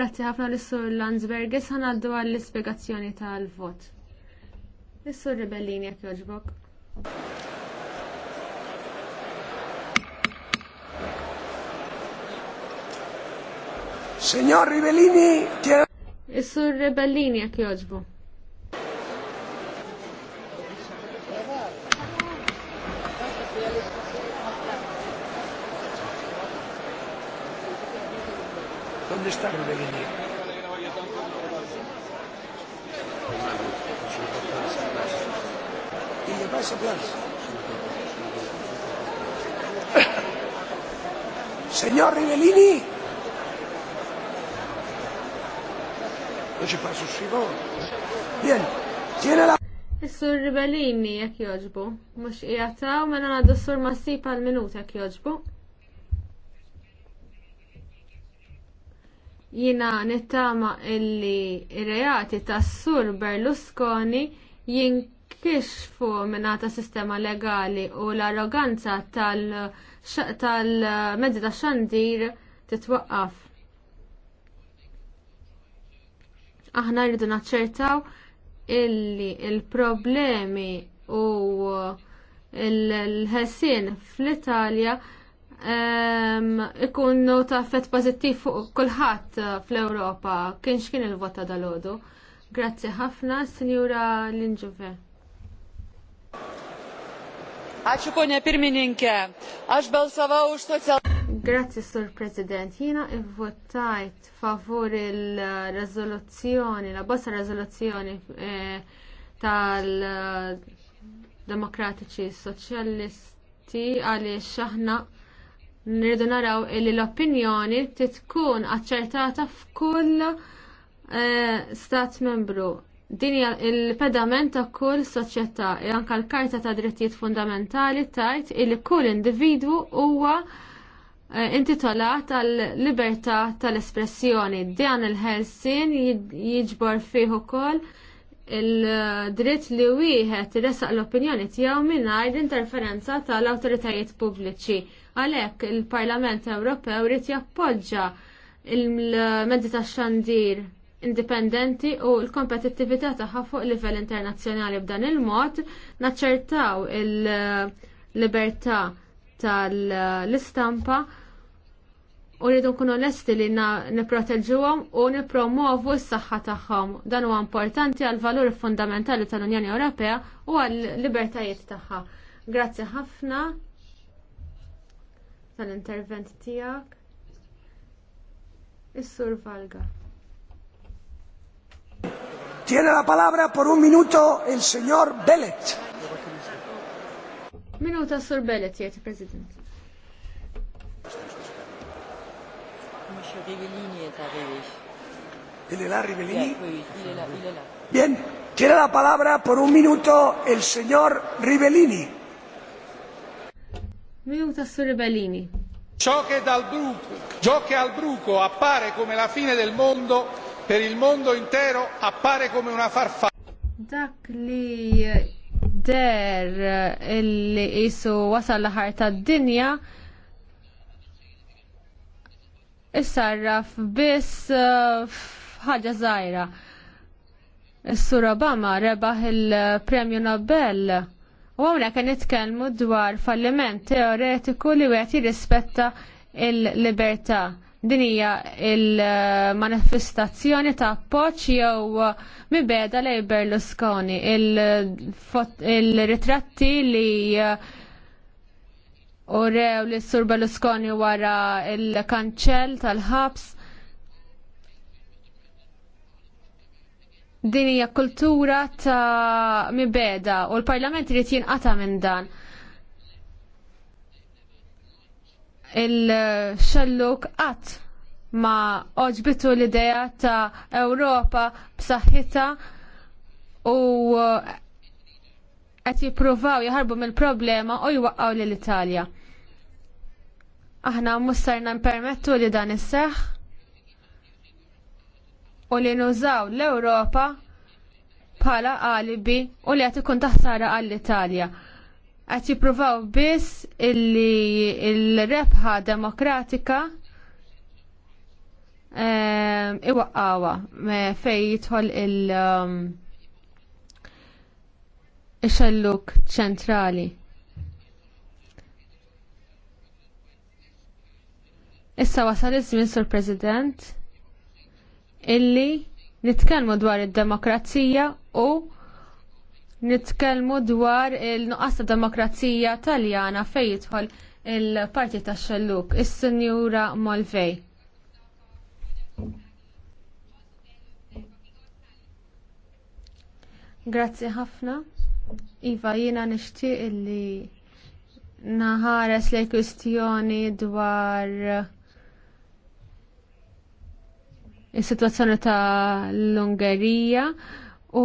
Grazzi ħafna l-Sur Landsbergis għanaddu għall-ispiegazzjoni tal-vot. L-Sur Ribellini jek joġbok. Signor Ribellini, Is-Sur Ribellini jek joġbok. ¿Dónde li għinni. Ija ¿Y le Senjor Rivellini? Non ci s sussivo? Bien, tiene la... Is-sur Rivellini jek joġbu, Mux ijataw, mela ngħaddu s-sur Massip għal minut jek joġbu. Jina nittama illi reati tas-sur Berlusconi jinkixfu minnata sistema legali u l-arroganza tal-mezzi tal mezzi tax xandir titwaqqaf. Aħna rridu naċċertaw illi il-problemi u l-ħessin fl-Italja ikun nota effett pozittiv fuq kulħadd eh, fl-Ewropa kien x'kien il vota dal dalodu. Grazzi ħafna, Signora Linġuve. Għaxu konja pirmininke, għax balsavau u social... Grazzi, Sur President. Jina votajt favur il-rezoluzzjoni, la bossa rezoluzzjoni eh, tal-demokratiċi eh, soċjalisti għaliex x'aħna. Nirridu naraw li l-opinjoni titkun aċċertata f'kull eh, stat membru. Din hija il-pedament ta' kull soċjetà e anke l-Karta ta' Drittijiet Fundamentali tajt illi kull individwu huwa eh, intitolat għal libertà tal-espressjoni. Dan il-ħelsin jiġbor fih ukoll il-dritt li wieħed resaq l-opinjoni tiegħu mingħajr interferenza tal-awtoritajiet pubbliċi. Għalhekk il-Parlament Ewropew rid jappoġġa il-mezzi tax-xandir indipendenti u l-kompetittività tagħha fuq livell internazzjonali b'dan il-mod naċċertaw il-libertà tal-istampa il libertà tal istampa u rridu nkunu lesti li niproteġuhom u nippromovu s-saħħa tagħhom. Dan huwa importanti għal valur fundamentali tal-Unjoni Ewropea u għal libertajiet tagħha. Grazzi ħafna tal-intervent tiegħek. Is-Sur Valga. Tiene la palabra por un minuto il signor Bellet. Minuta Sur Bellet, jiet, President. Monsieur Rivellini est arrivé. ¿Il est là, Rivellini? Yeah, oui, il est là, Bien, tiene la palabra por un minuto el señor Rivellini. Minuto su Rivellini. Ciò che, dal bruco, ciò che al bruco appare come la fine del mondo, per il mondo intero appare come una farfalla. Dak li der illi eh, isu wasa la harta tad-dinja issarraf biss uh, ħaġa żgħira. Is-Sur Obama rebaħ il-Premju Nobel u għawna kan nitkellmu dwar falliment teoretiku li wieħed jirrispetta il-libertà. Din hija il-manifestazzjoni ta' appoġġ jew mibeda lej Berlusconi, il-ritratti li uh, u rew li s-sur Berlusconi wara il-kanċell tal-ħabs. Din hija kultura ta' mibeda u l-Parlament irid jinqata' minn dan. Il-xelluk qatt ma oġbitu l-idea ta' Ewropa b'saħħitha u qed jippruvaw jaħarbu mill-problema u jwaqgħu lil Italja. Aħna mussarna npermettu li dan isseħħ u li nużaw l-Ewropa bħala alibi u li qed ikun taħsara għall-Italja. Qed jippruvaw biss illi l-rebħa demokratika ehm, iwaqqawa fej jidħol il- ehm, ix-xelluk ċentrali. Issa wasal iż-żmien sur President illi nitkellmu dwar id-demokrazija u nitkellmu dwar il-nuqqas ta' demokrazija taljana fejn jidħol il-parti tax xelluk, is-Sinjura Malvej. Grazzi ħafna. Iva, jiena nixtieq illi naħares le kwistjoni dwar is-sitwazzjoni ta' l-Ungerija u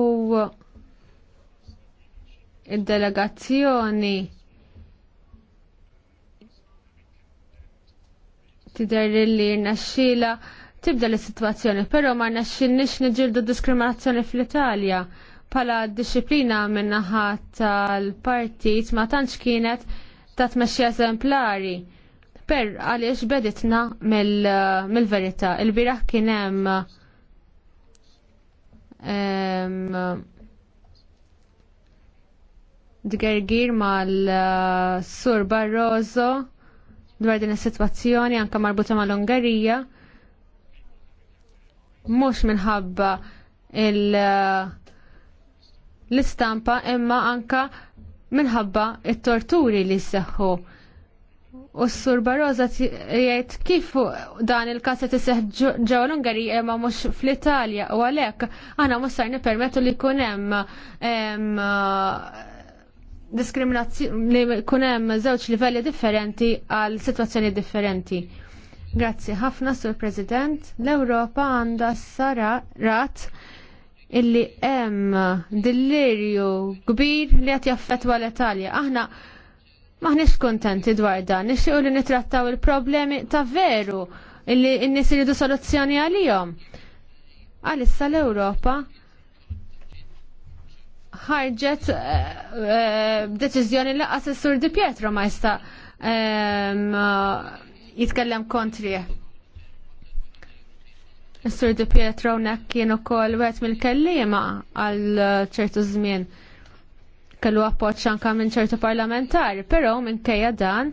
id-delegazzjoni tidher li naxxila tibda l-sitwazzjoni, però ma rnaxxilniex niġildu diskriminazzjoni fl-Italja pala disciplina minnaħa tal-partit ma tantx kienet ta' tmexxi eżemplari. Per għaliex beditna mill-verità. Mil Il-biraħ kien hemm dgergir mal-Sur Barroso dwar din is-sitwazzjoni anke marbuta mal-Ungerija mhux minħabba il- l-istampa imma anka minħabba it-torturi li seħħu. U s-sur Barroza jgħid kif dan il-kas qed iseħħ ġewwa l-Ungarija imma eh, mhux fl-Italja u għalhekk aħna mhux sar nippermettu li jkun hemm diskriminazzjoni li jkun hemm żewġ livelli differenti għal sitwazzjoni differenti. Grazzi ħafna sur President, l-Ewropa għandha sara rat illi hemm dillirju kbir li qed jaffettwa l-Italja. Aħna maħniex kontenti dwar dan, nixtiequ li nitrattaw il-problemi ta' veru illi n iridu soluzzjoni għalihom. Għalissa l-Ewropa ħarġet eh, eh, b'deċiżjoni li qas sur Di Pietro ma jista' ehm, jitkellem kontri. Sur Di Pietro nek kien ukoll wet mill-kellima għal ċertu żmien kellu appoġġ anke minn ċertu parlamentari, però minkejja dan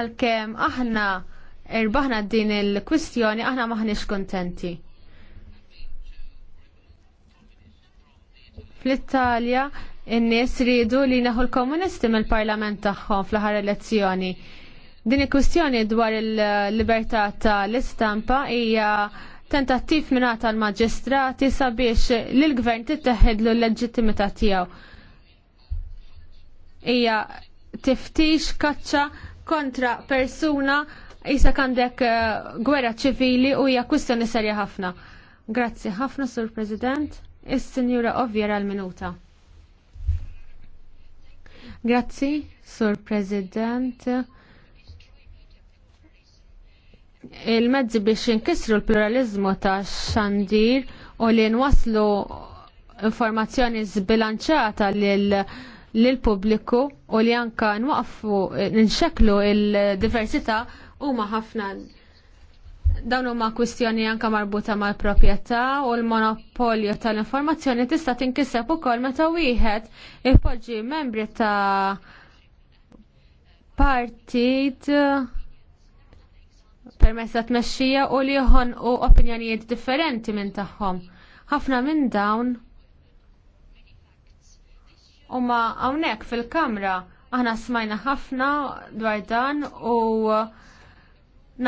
għalkemm aħna irbaħna din il-kwistjoni aħna maħniex kontenti. Fl-Italja in-nies ridu li naħu l-komunisti mill-parlament tagħhom fl-aħħar elezzjoni. Din il-kwistjoni dwar il-libertà tal-istampa hija tentattiv minata l-maġistrati sabiex l-gvern titteħed l-leġittimità tiegħu. Hija tiftix kaċċa kontra persuna jisa għandek eh, gwerra ċivili u hija kwistjoni serja ħafna. Grazzi ħafna, Sur President. Is-Sinjura Ovvjera l-minuta. Grazzi, Sur President il-mezzi biex inkisru l-pluralizmu ta' xandir u li nwaslu informazzjoni zbilanċata l-pubbliku u li anka nwaqfu nxeklu il-diversità huma ħafna dawn huma kwistjoni anka marbuta mal-proprjetà u l-monopolju tal-informazzjoni tista' tinkiseb ukoll meta wieħed ipoġġi membri ta' partit permezz ta' tmexxija u li joħonqu opinjonijiet differenti minn tagħhom. Ħafna minn dawn huma hawnhekk fil-kamra aħna smajna ħafna dwar dan u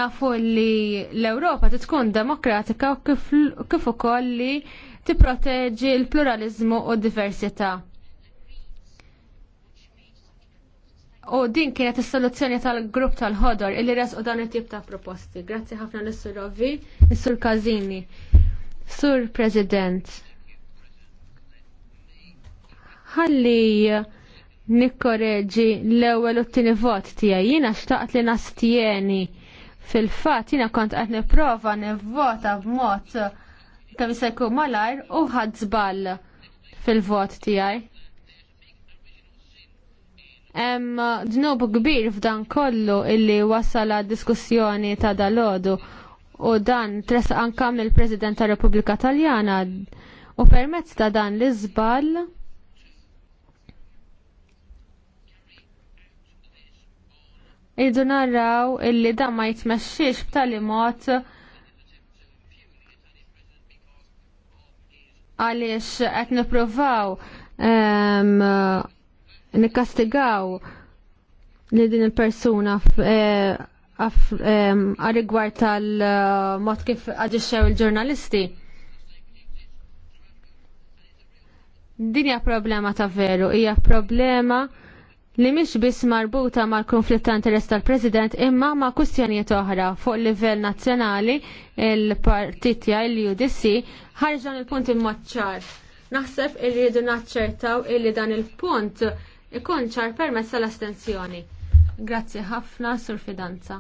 nafu li l-Ewropa tkun demokratika kif ukoll li tipproteġi l-pluralizmu u d-diversità. U din kienet is-soluzzjoni tal-grupp tal-ħodor illi resqu dan it-tip ta' proposti. Grazzi ħafna Nissur sur Rovi, lis-Sur Kazini. Sur President. Ħalli nikkoreġi l-ewwel u t-tieni vot tiegħi jiena xtaqt li nastieni fil-fatt jiena kont qed nipprova nivvota b'mod kemm se jkun malajr u ħadd żball fil-vot tiegħi. Hemm uh, dnub kbir f'dan kollu illi wasala diskussjoni ta' dalodu u dan tresa ankam mill-President ta' Repubblika Taljana u permezz ta' dan l-iżbal Idu narraw illi da ma jitmexxiex b'tali mod għaliex qed nippruvaw ehm, nikkastigaw li din il-persuna għal-rigward eh, tal-mod kif għadġiċew il-ġurnalisti. Din hija problema ta' veru, hija problema li mhix biss marbuta mal-konflitt ta' interess tal-President imma ma' kwistjonijiet oħra fuq livell nazzjonali il-partitja il-UDC ħarġan il-punt immaċċar. Naħseb irridu naċċertaw li dan il-punt ikun ċar permezz tal-astenzjoni. Grazzi ħafna, Sur Fidanza.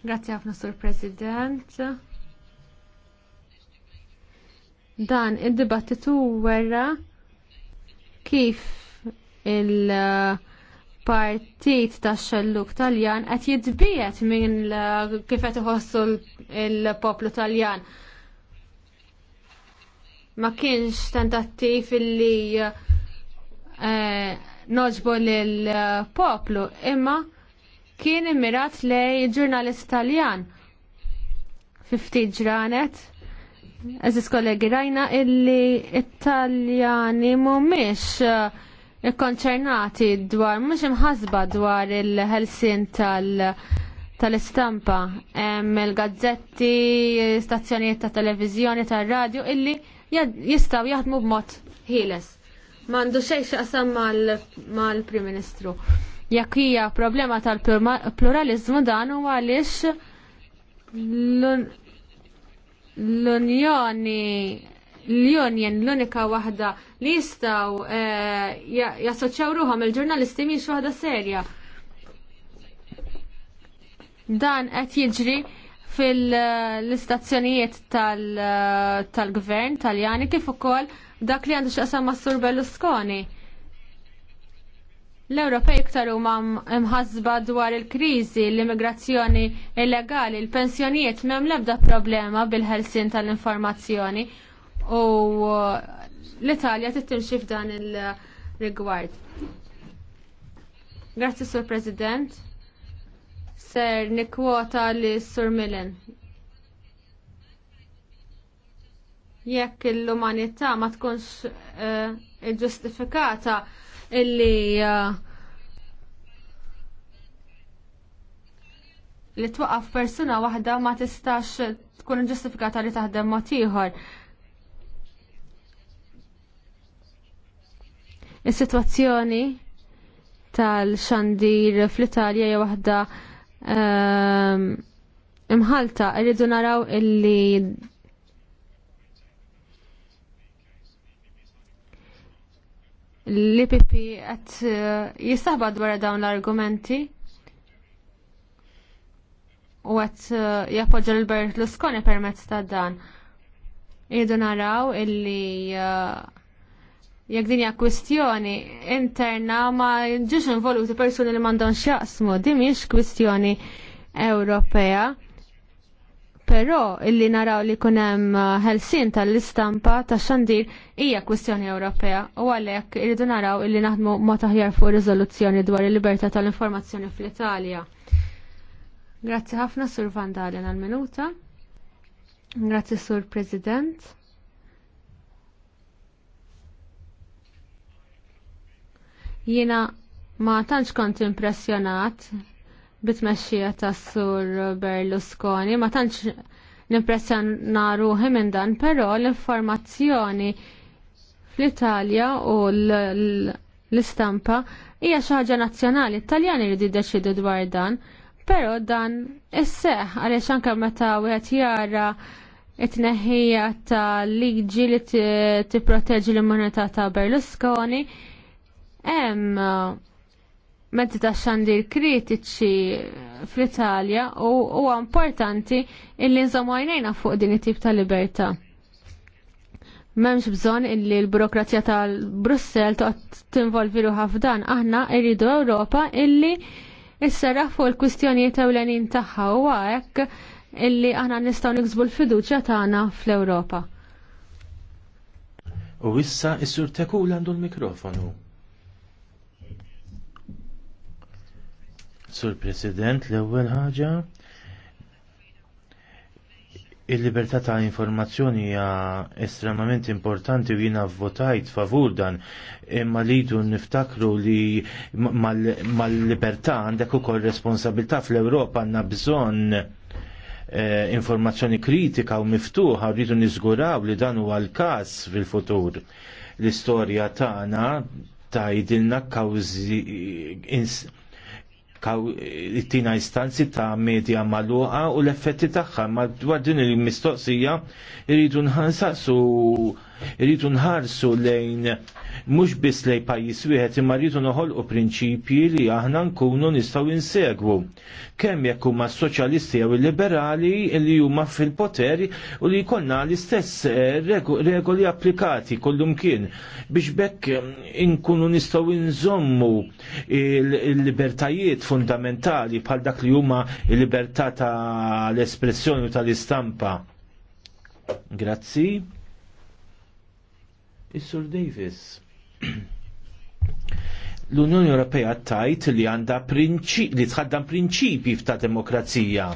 Grazzi ħafna, Sur President. Dan id-dibattitu wera kif il-partit tax xelluk taljan qed jidbijet minn kif qed iħossu l-poplu taljan. Ma kienx tentattiv illi uh, Eh, noġbu lill-poplu imma kien immirat lej ġurnalist Taljan. Fifti ġranet, eżis kollegi rajna illi Italjani mumiex eh, ikkonċernati dwar, mux imħasba dwar il-ħelsin tal- istampa il-gazzetti, stazzjonijiet ta' televizjoni, ta' radio illi jistaw jaħdmu b'mod ħieles mandu xej xaqsam mal-Prim Ministru. Jekk hija problema tal-pluralizmu dan huwa għaliex l-Unjoni l-Union l-unika waħda li jistgħu eh, jassoċjaw ruhom il-ġurnalisti mhix waħda serja. Dan qed jiġri fil-istazzjonijiet tal-gvern tal-Jani kif ukoll dak li għandu xaqsam ma' Sur Berlusconi. L-Ewropej iktar huma mħasba dwar il-kriżi, l-immigrazzjoni illegali, il-pensjonijiet m'hemm l-ebda problema bil-ħelsin tal-informazzjoni u l-Italja tittimxi f'dan il-rigward. Grazzi Sur President. Ser nikwota li Sur Millen. jekk l-umanità ma tkunx eh, ġustifikata illi eh, li twaqaf persuna waħda ma tistax tkun ġustifikata li taħdem mod ieħor. Is-sitwazzjoni tal-xandir fl-Italja hija waħda eh, imħalta irridu naraw illi l-IPP għat eh, jistaħbad wara dawn l-argumenti u għat eh, jappoġġa l-Berlusconi permezz ta' dan. Idu naraw illi eh, jekk din hija kwistjoni interna ma ġiġ involuti persuni li m'għandhom x'jaqsmu, dimiex kwestjoni kwistjoni Ewropea. Però illi naraw li kunem uh, ħelsin tal-istampa ta' xandir hija kwistjoni Ewropea u għalhekk irridu naraw illi naħdmu mod aħjar fuq riżoluzzjoni dwar il-libertà tal-informazzjoni fl-Italja. Grazzi ħafna Sur Van Dalen għal-minuta. Grazzi Sur President. Jiena ma tantx kont impressjonat bit-tmexxija tas-sur Berlusconi, ma tantx nimpressjona ruħi minn dan, però l-informazzjoni fl-Italja u l-istampa hija xi ħaġa nazzjonali, Italjani li jiddeċidu dwar dan, però dan isseħ għaliex anke meta wieħed jara it-neħija ta' liġi li tipproteġi l-immunità ta' Berlusconi, hemm mezzi ta' xandir kritiċi fl-Italja u huwa importanti illi nżommu għajnejna fuq din it-tip ta' libertà. M'hemmx bżonn illi l-burokrazija tal-Brussel toqgħod tinvolvi ruħha f'dan, aħna rridu Ewropa illi issera fuq il-kwistjonijiet ewlenin tagħha u hekk illi aħna nistgħu niksbu l-fiduċja tagħna fl-Ewropa. U issa is-sur Tekul għandu l-mikrofonu. Sur President, l-ewwel ħaġa il-libertà ta' informazzjoni hija estremament importanti u jiena votajt favur dan imma rridu niftakru li mal-libertà mal għandek ukoll responsabilità fl-Ewropa għandna bżonn eh, informazzjoni kritika u miftuħa rridu niżguraw li dan huwa l-każ fil-futur. L-istorja tagħna tajdilna kawzi Kaw it-tina istanzi ta' medja maluqa u l-effetti tagħha madwar din il-mistoqsija irridu nħansaqsu rritu nħarsu lejn mhux biss lejn pajjiż wieħed imma noħol noħolqu prinċipji li aħna nkunu nistgħu insegwu. Kemm jekk huma s-soċjalisti jew il-liberali li huma fil poteri u li jkollna l-istess eh, regoli applikati kollum kien biex bekk eh, inkunu nistgħu nżommu il-libertajiet fundamentali bħal dak li huma il-libertà tal-espressjoni u tal-istampa. Grazzi. Is-Sur Davis. L-Unjoni Ewropea tajt li għandha prinċipi li tħaddam prinċipji ta' demokrazija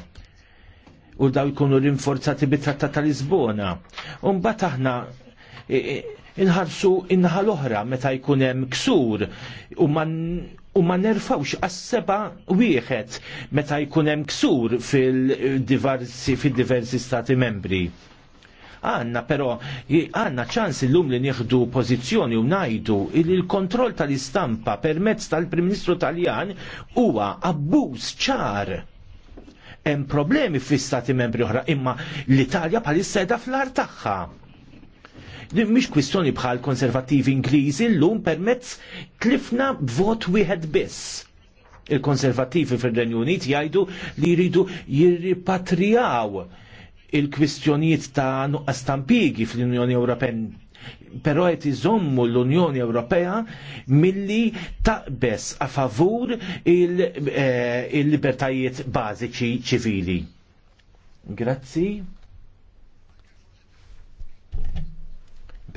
u daw jkunu rinforzati bit-Trattat ta' Lisbona. Umbagħad aħna e, e, inħarsu inħal oħra meta jkun hemm ksur u ma nerfawx għas-seba wieħed meta jkun hemm ksur fil-diversi fil-diversi stati membri Għanna però għanna ċans illum li nieħdu pozizjoni u ngħidu li l-kontroll tal-istampa permezz tal-Prim Ministru Taljan huwa abbuż ċar hemm problemi fis Stati membri oħra imma l-Italja bħalissa qiegħda fl-ar tagħha. Din mhix kwistjoni bħal konservattivi Ingliżi llum permezz tlifna b'vot wieħed biss. Il-konservattivi fir-Renju Unit jgħidu li jridu jirripatrijaw il-kwistjonijiet ta' nuqqas tampigi fl-Unjoni Ewropea però qed iżommu l-Unjoni Ewropea milli taqbes a favur eh, il-libertajiet il bażiċi ċivili. Grazzi.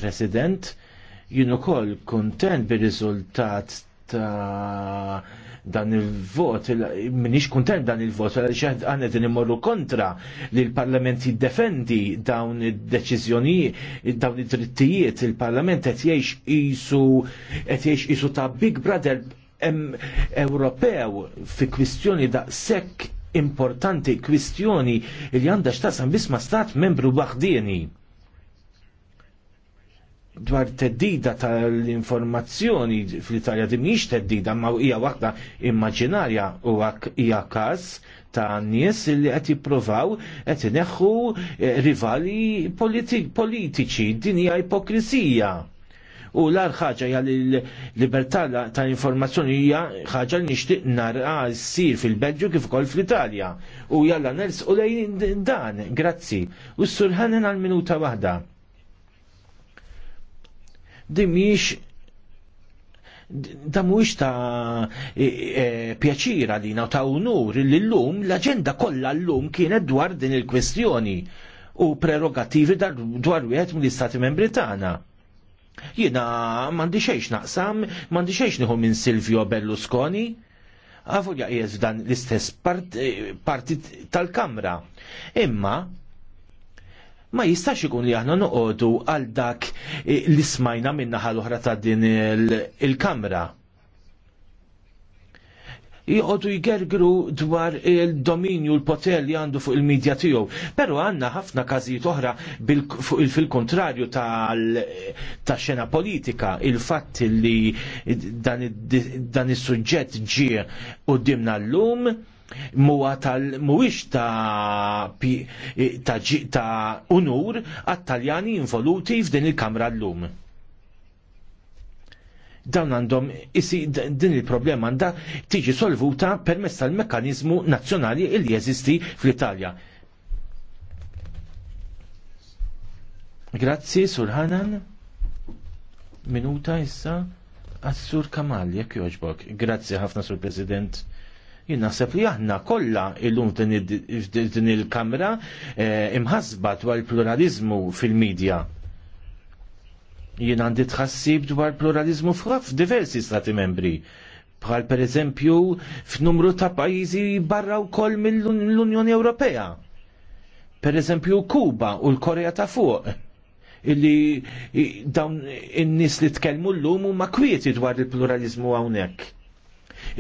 President, jien ukoll kuntent bir-riżultat ta' dan il-vot, minix kontent dan il-vot, għal għanet n-immorru kontra li l-parlament jiddefendi dawn id-deċizjoni, dawn id-drittijiet, il-parlament għetjiex jgħix isu ta' Big Brother Ewropew fi kwistjoni da' sekk importanti kwistjoni li għandha x'tasam bisma' stat membru waħdieni dwar teddida tal-informazzjoni fl-Italja di mhix teddida ma hija waħda immaġinarja u hija każ ta' nies li qed jippruvaw qed ineħħu eh, rivali politiċi, din hija ipokrisija. U l-ar ħaġa hija li libertà ta' informazzjoni hija ħaġa li nixtieq narqa ssir fil-Belġju kif ukoll fl-Italja. U jalla nels u lejn dan, grazzi. U s-surħanen għal minuta waħda dimiex da mux ta' e, pjaċira li na ta' unur l-lum l-agenda kollha l-lum kienet dwar din il-kwestjoni u prerogativi dwar wieħed mill-Istati Membri tagħna. Jiena mandi xejx naqsam, mandi xejx nieħu minn Silvio Berlusconi. Għafu jaqjes dan l-istess eh, parti tal-Kamra. Imma ma jistax ikun li aħna noqogħdu għal dak eh, li smajna min-naħa l-oħra ta' din il-kamra. Jgħodu jgergru dwar il-dominju l-poter li għandu fuq il-medja tiegħu. Però għandna ħafna każijiet oħra fil-kontrarju ta' xena politika, il-fatt li dan is-suġġett ġie qudiemna llum muwa tal muwix ta' ta', ta unur għat-Taljani involuti f'din il-Kamra l-lum. Dan għandhom isi din il-problema għandha tiġi solvuta permezz tal-mekkanizmu nazzjonali li jeżisti fl-Italja. Grazzi, Sur Hanan. Minuta issa għas-Sur Kamal, jekk joġbok. Grazzi ħafna, Sur President. Jien naħseb li aħna kollha illum din il-kamra eh, imħasba dwar il-pluralizmu fil-medja. Jien għandi tħassib dwar pluralizmu f'diversi stati membri bħal per eżempju f'numru ta' pajjiżi barra wkoll mill-Unjoni Ewropea. Per eżempju Kuba u l-Korea ta' fuq illi dawn in-nies li tkellmu llum huma kwieti dwar il-pluralizmu hawnhekk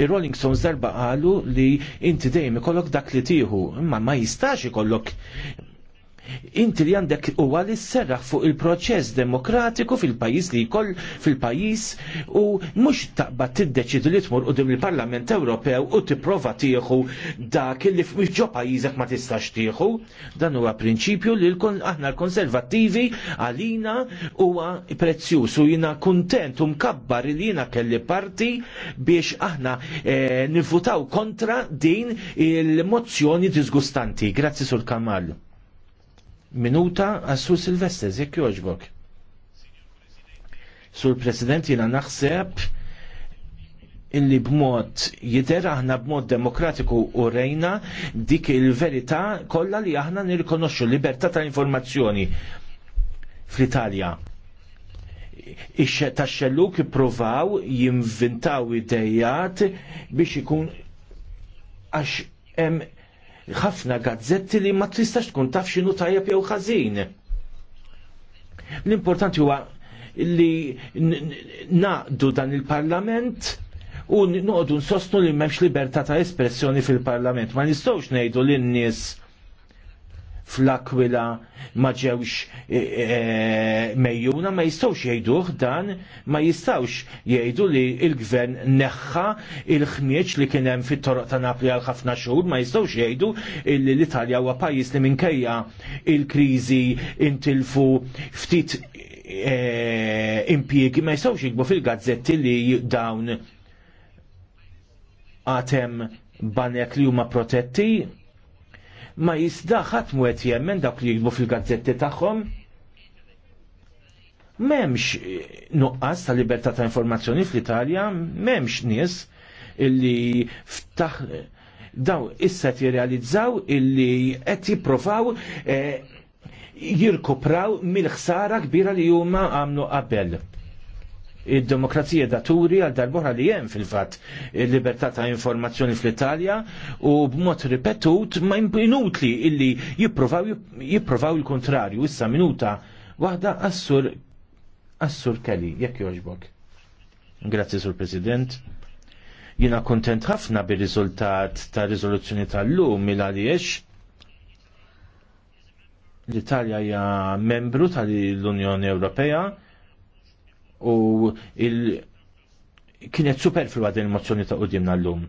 Ir-Rolling Stones darba qalu li inti dejjem ikollok dak li tieħu, imma ma jistax ikollok inti li għandek u għal serraħ fuq il-proċess demokratiku fil-pajis li jkoll fil-pajis u mux taqbad tiddeċid li tmur u dim il-Parlament Ewropew u tipprova tieħu dak li ġo pajizek ma tistax tieħu. Dan huwa prinċipju li aħna l-konservattivi għalina huwa prezzjuż u jina kuntent u mkabbar li jina kelli parti biex aħna eh, nifutaw kontra din il-mozzjoni disgustanti. Grazzi sul Kamal. Minuta għas-Sur Silvester, jekk joġbok. Sur President jina naħseb illi b'mod jider aħna b'mod demokratiku u rejna dik il-verità kollha li aħna nirrikonoxxu libertà ta' informazzjoni fl-Italja tax-xelluk ippruvaw jinventaw idejat biex ikun għax hemm ħafna gazzetti li ma tistax tkun taf x'inhu tajjeb jew ħażin. L-importanti huwa li naqdu dan il-parlament u noqdu nsostnu li memx libertà ta' espressjoni fil-parlament. Ma nistgħux ngħidu lin-nies fl-akwila ma ġewx e, e, e, mejjuna ma jistawx jgħiduh dan ma jistawx jgħidu li il-gvern neħħa il ħmieċ li kien hemm fit-toroq ta' Napli għal ħafna xhur ma jistawx jgħidu li l-Italja huwa pajjiż li minkejja il-kriżi intilfu ftit impjiegi ma jistawx jikbu fil-gazzetti li dawn għatem banek li huma protetti ma jisdaħat ħadd mwed jemmen dak li jikbu fil-gazzetti tagħhom. M'hemmx eh, nuqqas ta' libertà ta' informazzjoni fl-Italja, m'hemmx nis, illi ftaħ daw issa jirrealizzaw illi qed jipprovaw eh, jirkupraw mill-ħsara kbira li huma għamlu qabel id-demokrazija daturi għal darbora li jem fil-fat il-libertà ta' informazzjoni fl-Italja u b'mod ripetut ma inutli illi jipprovaw il-kontrarju issa minuta waħda assur assur Kelly jekk joġbok. Grazzi sur President. Jina kontent ħafna bir-riżultat ta' riżoluzzjoni tal-lum il-għaliex l-Italja hija membru tal-Unjoni Ewropea u il kienet superflua din il-mozzjoni ta' qudimna l-lum.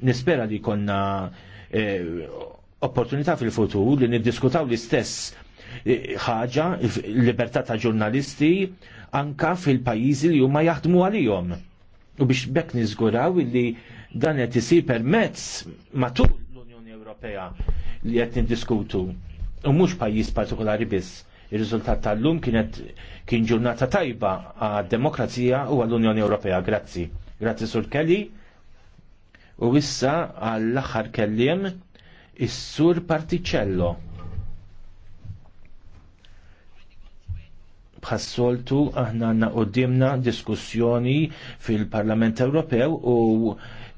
Nispera li konna eh, opportunità fil-futur li niddiskutaw l-istess eh, ħaġa, libertà ta' ġurnalisti, anka fil-pajizi li huma jaħdmu għalihom. U biex bekk niżguraw li dan qed isir permezz matul l-Unjoni Ewropea li qed niddiskutu. U mhux pajjiż partikolari biss Ir-riżultat tal-lum kienet kien ġurnata tajba għad-demokrazija u għall-Unjoni Ewropea. Grazzi. Grazzi Sur Kelly. U issa għall-aħħar kelliem is-Sur Particello. bħassoltu aħna għanna qoddimna diskussjoni fil-Parlament Ewropew u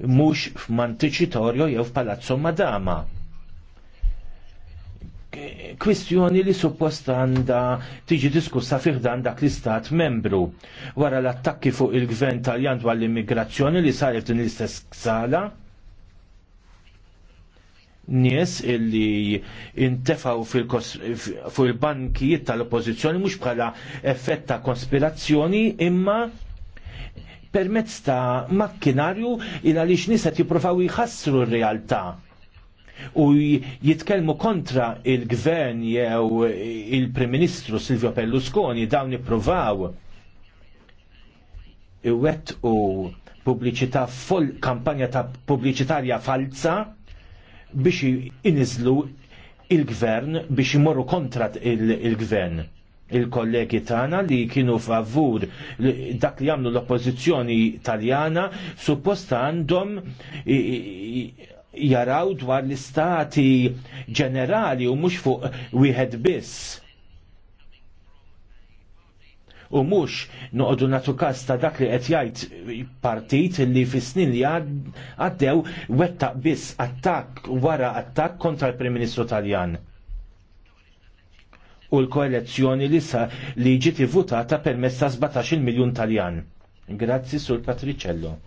mhux f'Mantiċitorio jew f'Palazzo Madama kwistjoni li suppost għanda tiġi diskussa fiħdan dak l-istat membru. Wara l-attakki fuq il-gvern taljan dwar l-immigrazzjoni li saret din l-istess sala, nies illi intefaw fuq il-bankijiet tal-oppozizjoni mhux bħala effett ta' konspirazzjoni imma permezz ta' makkinarju il għaliex nisa jipprovaw jħassru r-realtà u jitkellmu kontra il-gvern jew il-Prim Ministru Silvio Berlusconi dawn ippruvaw iwet u pubbliċità full kampanja ta' pubbliċitarja falsa biex iniżlu il-gvern biex imorru kontra il-gvern. Il gvern il kollegi tagħna li kienu favur dak li jagħmlu l oppożizzjoni taljana suppost għandhom jaraw dwar l-istati ġenerali u mhux fuq wieħed biss. U mhux noqogħdu natu kas ta' dak li qed jgħid partit li fis-snin li għaddew wettaq biss attakk wara attakk kontra l-Prim Ministru Taljan. U l-koalizzjoni li sa li ġiet votata permezz ta' 17 miljun Taljan. Grazzi sur Patricello.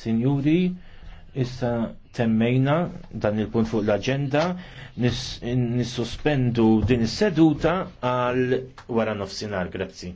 Sinjuri, issa temmejna dan il-punt fuq l-agenda, nissospendu din is-seduta għal wara nofsinhar, grazzi.